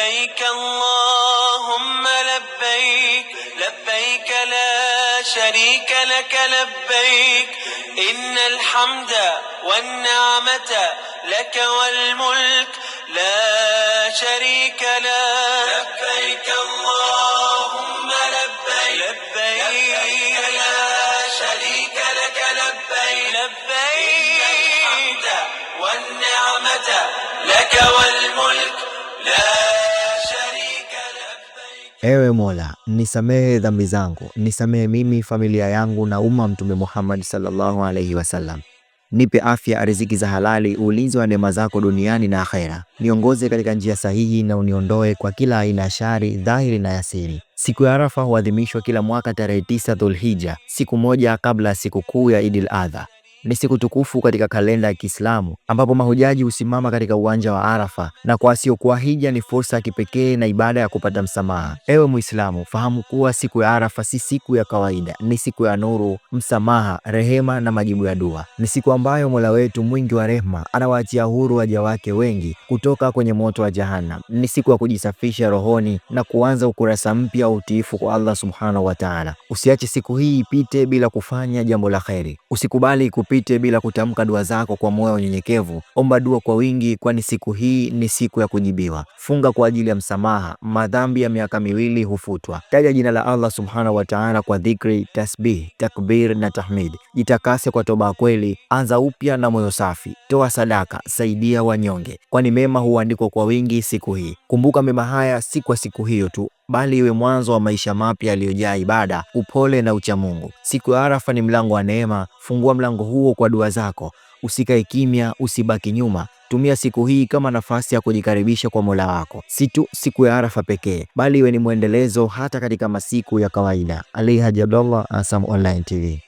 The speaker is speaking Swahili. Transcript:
لبيك اللهم لبيك لبيك لا شريك لك لبيك إن الحمد والنعمة لك والملك لا شريك له لبيك اللهم لبيك لبيك, لبيك لا شريك لك لبيك لبيك إن الحمد والنعمة لك والملك لا Ewe Mola, nisamehe dhambi zangu, nisamehe mimi, familia yangu na umma Mtume Muhammad sallallahu alaihi wasallam. Nipe afya, riziki za halali, ulinzi wa neema zako duniani na akhera. Niongoze katika njia sahihi na uniondoe kwa kila aina ya shari, dhahiri na yasiri. Siku ya Arafa huadhimishwa kila mwaka tarehe 9 Dhulhija, siku moja kabla ya kuu ya Idil Adha ni siku tukufu katika kalenda ya Kiislamu ambapo mahujaji husimama katika uwanja wa Arafa, na kwa wasiokuwa hija ni fursa ya kipekee na ibada ya kupata msamaha. Ewe Muislamu, fahamu kuwa siku ya Arafa si siku ya kawaida, ni siku ya nuru, msamaha, rehema na majibu ya dua. Ni siku ambayo Mola wetu mwingi wa rehma anawaachia huru waja wake wengi kutoka kwenye moto wa Jahannam. Ni siku ya kujisafisha rohoni na kuanza ukurasa mpya wa utiifu kwa Allah subhanahu wa taala. Usiache siku hii ipite bila kufanya jambo la kheri. Usikubali upite bila kutamka dua zako kwa moyo unyenyekevu. Omba dua kwa wingi, kwani siku hii ni siku ya kujibiwa. Funga kwa ajili ya msamaha, madhambi ya miaka miwili hufutwa. Taja jina la Allah subhanahu wa ta'ala kwa dhikri, tasbih, takbir na tahmid. Jitakase kwa toba kweli, anza upya na moyo safi. Toa sadaka, saidia wanyonge, kwani mema huandikwa kwa wingi siku hii. Kumbuka mema haya si kwa siku hiyo tu bali iwe mwanzo wa maisha mapya yaliyojaa ibada, upole na uchamungu. Siku ya Arafa ni mlango wa neema. Fungua mlango huo kwa dua zako. Usikae kimya, usibaki nyuma. Tumia siku hii kama nafasi ya kujikaribisha kwa Mola wako, si tu siku ya Arafa pekee, bali iwe ni mwendelezo hata katika masiku ya kawaida. Ali Haji Abdallah, ASAM Online TV.